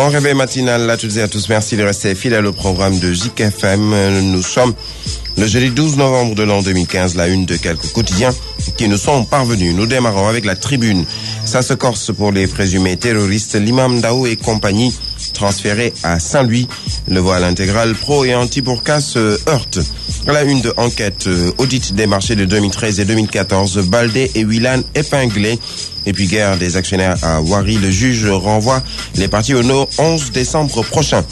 Bon réveil matinal à toutes et à tous. Merci de rester fidèles au programme de JKFM. Nous sommes le jeudi 12 novembre de l'an 2015, la une de quelques quotidiens qui nous sont parvenus. Nous démarrons avec la tribune. Ça se corse pour les présumés terroristes. L'imam Dao et compagnie transféré à Saint-Louis. Le voile intégral pro et anti pour se heurte. la une de enquête euh, audit des marchés de 2013 et 2014, Baldé et Willan épinglés. Et puis guerre des actionnaires à Wari, le juge renvoie les parties au nord 11 décembre prochain.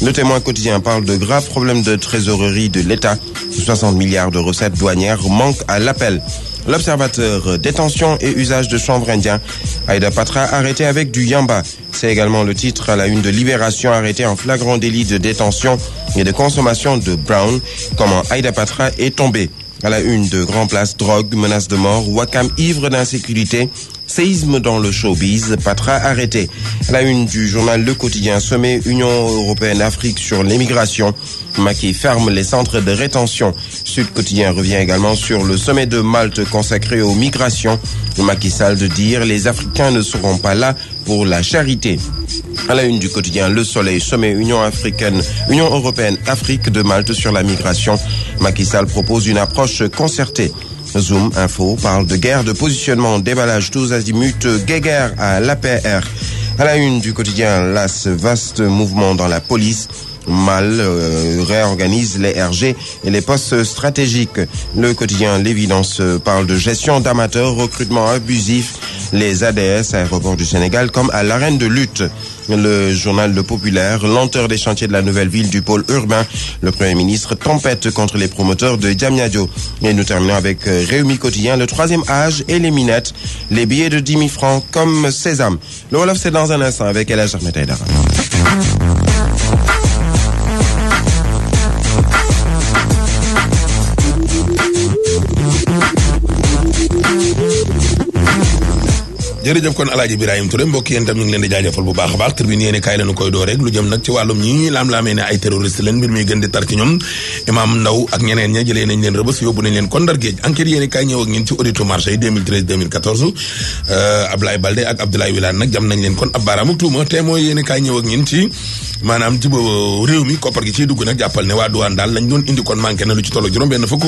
Le témoin quotidien parle de graves problèmes de trésorerie de l'État. 60 milliards de recettes douanières manquent à l'appel. L'observateur, euh, détention et usage de chambre indien. Aida Patra arrêté avec du yamba. C'est également le titre à la une de Libération arrêté en flagrant délit de détention et de consommation de Brown. Comment Aida Patra est tombée. À la une de Grand Place, drogue, menace de mort, Wakam ivre d'insécurité, séisme dans le showbiz, Patra arrêté. À la une du journal Le Quotidien, sommet Union européenne-Afrique sur l'immigration, Maki ferme les centres de rétention. Sud Quotidien revient également sur le sommet de Malte consacré aux migrations. Macky sale de dire les Africains ne seront pas là pour la charité. À la une du quotidien Le Soleil, sommet Union africaine, Union européenne, Afrique de Malte sur la migration. Macky Sall propose une approche concertée. Zoom Info parle de guerre de positionnement, déballage tous azimuts, guéguerre à l'APR. À la une du quotidien LAS, vaste mouvement dans la police mal euh, réorganise les RG et les postes stratégiques. Le quotidien L'Évidence euh, parle de gestion d'amateurs, recrutement abusif, les ADS à du Sénégal comme à l'arène de lutte. Le journal Le Populaire, lenteur des chantiers de la nouvelle ville du pôle urbain, le Premier ministre tempête contre les promoteurs de Diamniadio. Et nous terminons avec euh, Réumi Quotidien, le troisième âge et les minettes, les billets de 10 000 francs comme sésame. Le Wolof, c'est dans un instant avec Ella Metaïdara. jërëjëf kon alaaji Birahim Touré mbokk yéen tam ñu ngi leen di bu baax a baax tribune yéen kaay lañu koy door rek lu jëm leen mbir muy gën di tar ci ñoom imaam ndaw ak ñeneen nañ leen rëbës yóbbu nañ leen kon ndar géej enquête yéen kaay ñëw ak ñun ci auditu marché yi 2013 2014 euh, Ablaye Balde ci maanaam dugg nag jàppal ne waa duwaan daal lañ doon indi kon manqué na lu ci tollu o benn fukk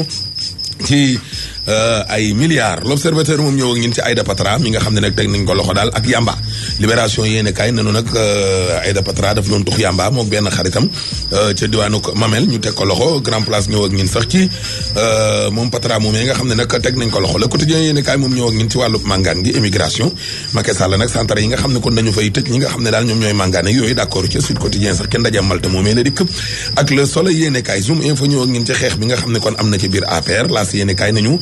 Euh, ay milliards l'observateur moom ñëw ak ñun ci Aïda Patra mi nga xam ne nag teg nañ ko loxo daal ak yamba libération yéene kaay nanu nag euh, Aïda Patra daf doon tux yamba mook benn xaritam euh, ca diwaanu Mamel ñu teg ko loxo grand place ñëw ak ñun sax ci euh, moom Patra moom nga xam ne nag ko loxo Le Quotidien yéene kaay moom ñëw ak ñun ci wàllu màngaan gi émigration Macky Sall nag centre yi nga xam ne kon dañu fay tëj ñi nga xam ne daal ñoom ñooy màngaan ak la dikk ak kaay Zoom Info bi nga xam na ci biir APR laas yéene kaay nañu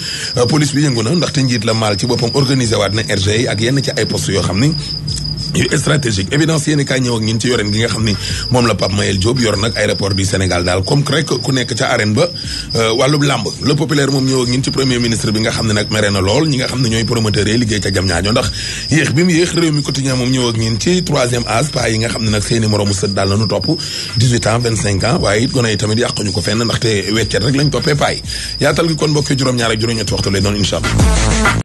police bi yëngu na ndaxte njiit la maal ci boppam organiser waat na RG yi ak yenn ci ay poste yoo xam ni stratégique évidence yéen kaay ñëw ak ñun ci yoreen gi nga xam ni moom la Pape Mayel Diop yor nag aéroport du Sénégal daal comme rek ku nekk ca arène ba euh, wàllub làmb le populaire moom ñëw ak ci premier ministre bi nga xam ne nag mere na lool ñi nga xam ne ñooy promoteurs yi liggéey ca jam ñaajo ndax yéex bi mu yéex réew mi quotidien moom ñëw ak ci troisième âge pa nga xam ne nag seeni moroomu sët daal lañu topp 18 ans 25 ans waaye it ñaar ak juróom